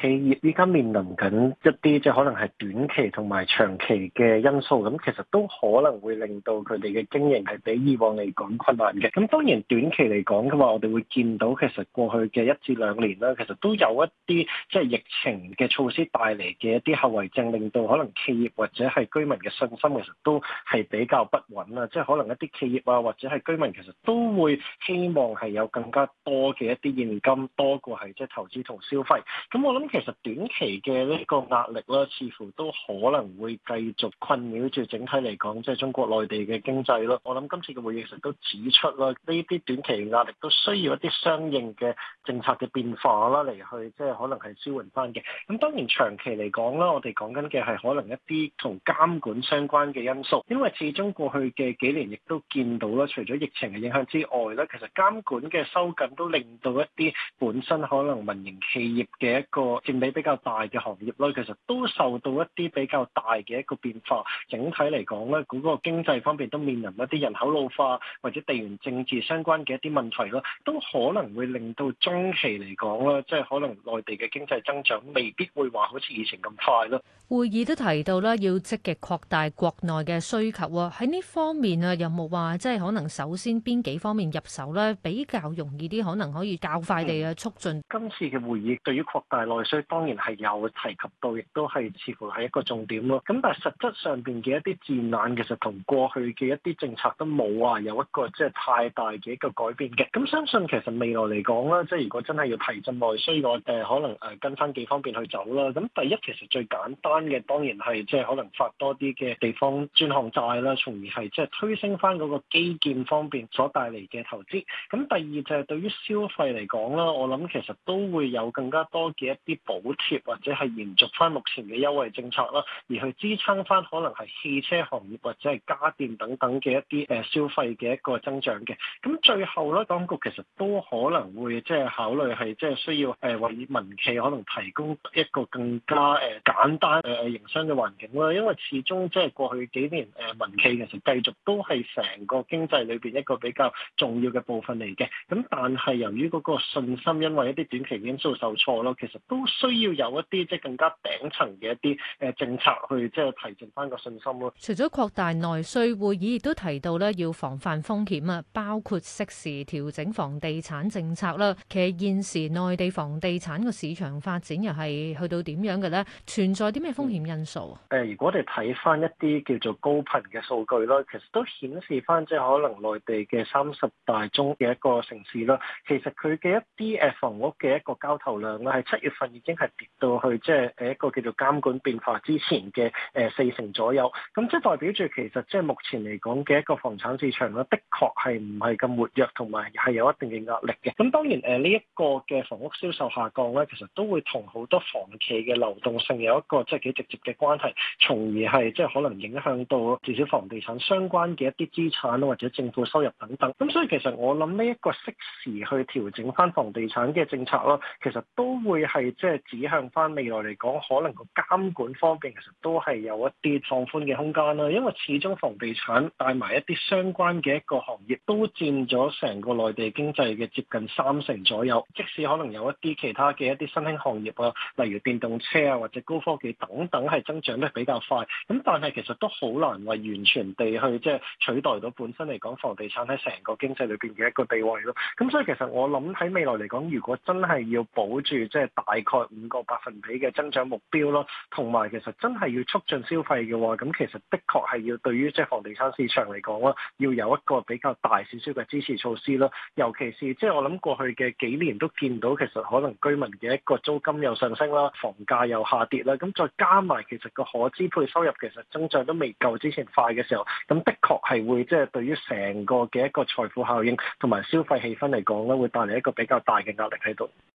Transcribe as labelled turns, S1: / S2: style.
S1: 企業依家面臨緊一啲即係可能係短期同埋長期嘅因素，咁其實都可能會令到佢哋嘅經營係比以往嚟講困難嘅。咁當然短期嚟講嘅話，我哋會見到其實過去嘅一至兩年啦，其實都有一啲即係疫情嘅措施帶嚟嘅一啲後遺症，令到可能企業或者係居民嘅信心其實都係比較不穩啊。即係可能一啲企業啊或者係居民其實都會希望係有更加多嘅一啲現金多過係即係投資同消費。咁我諗。其實短期嘅呢個壓力咧，似乎都可能會繼續困擾住整體嚟講，即係中國內地嘅經濟咯。我諗今次嘅會議其實都指出啦，呢啲短期壓力都需要一啲相應嘅政策嘅變化啦，嚟去即係可能係支援翻嘅。咁當然長期嚟講啦，我哋講緊嘅係可能一啲同監管相關嘅因素，因為始終過去嘅幾年亦都見到啦，除咗疫情嘅影響之外咧，其實監管嘅收緊都令到一啲本身可能民營企業嘅一個佔比比較大嘅行業咧，其實都受到一啲比較大嘅一個變化。整體嚟講咧，嗰個經濟方面都面臨一啲人口老化或者地緣政治相關嘅一啲問題啦，都可能會令到中期嚟講啦，即係可能內地嘅經濟增長未必會話好似以前咁快咯。
S2: 會議都提到啦，要積極擴大國內嘅需求。喺呢方面啊，有冇話即係可能首先邊幾方面入手咧，比較容易啲，可能可以較快地嘅促進？嗯，
S1: 今次嘅會議對於擴大內。所以當然係有提及到，亦都係似乎係一個重點咯。咁但係實質上邊嘅一啲戰略，其實同過去嘅一啲政策都冇話有，有一個即係太大嘅一個改變嘅。咁相信其實未來嚟講啦，即係如果真係要提振內需，我誒可能誒跟翻幾方面去走啦。咁第一其實最簡單嘅當然係即係可能發多啲嘅地方專項債啦，從而係即係推升翻嗰個基建方面所帶嚟嘅投資。咁第二就係對於消費嚟講啦，我諗其實都會有更加多嘅一啲。補貼或者係延續翻目前嘅優惠政策啦，而去支撐翻可能係汽車行業或者係家電等等嘅一啲誒消費嘅一個增長嘅。咁最後咧，當局其實都可能會即係考慮係即係需要誒為民企可能提供一個更加誒簡單誒營商嘅環境啦。因為始終即係過去幾年誒民企其實繼續都係成個經濟裏邊一個比較重要嘅部分嚟嘅。咁但係由於嗰個信心因為一啲短期因素受挫咯，其實都，需要有一啲即係更加頂層嘅一啲誒政策去即係提振翻個信心咯。
S2: 除咗擴大內需，會議亦都提到咧，要防範風險啊，包括適時調整房地產政策啦。其實現時內地房地產嘅市場發展又係去到點樣嘅咧？存在啲咩風險因素
S1: 誒、嗯，如果我哋睇翻一啲叫做高頻嘅數據啦，其實都顯示翻即係可能內地嘅三十大中嘅一個城市啦。其實佢嘅一啲誒房屋嘅一個交投量咧，係七月份。已經係跌到去即係誒一個叫做監管變化之前嘅誒四成左右，咁即係代表住其實即係目前嚟講嘅一個房產市場咧，的確係唔係咁活躍，同埋係有一定嘅壓力嘅。咁當然誒呢一個嘅房屋銷售下降咧，其實都會同好多房企嘅流動性有一個即係幾直接嘅關係，從而係即係可能影響到至少房地產相關嘅一啲資產或者政府收入等等。咁所以其實我諗呢一個適時去調整翻房地產嘅政策啦，其實都會係即係。即係指向翻未來嚟講，可能個監管方面其實都係有一啲放寬嘅空間啦。因為始終房地產帶埋一啲相關嘅一個行業，都佔咗成個內地經濟嘅接近三成左右。即使可能有一啲其他嘅一啲新興行業啊，例如電動車啊，或者高科技等等係增長得比較快，咁但係其實都好難話完全地去即係取代到本身嚟講房地產喺成個經濟裏邊嘅一個地位咯。咁所以其實我諗喺未來嚟講，如果真係要保住即係大。大概五個百分比嘅增長目標咯，同埋其實真係要促進消費嘅喎，咁其實的確係要對於即係房地產市場嚟講啦，要有一個比較大少少嘅支持措施咯，尤其是即係、就是、我諗過去嘅幾年都見到其實可能居民嘅一個租金又上升啦，房價又下跌啦，咁再加埋其實個可支配收入其實增長都未夠之前快嘅時候，咁的確係會即係、就是、對於成個嘅一個財富效應同埋消費氣氛嚟講咧，會帶嚟一個比較大嘅壓力喺度。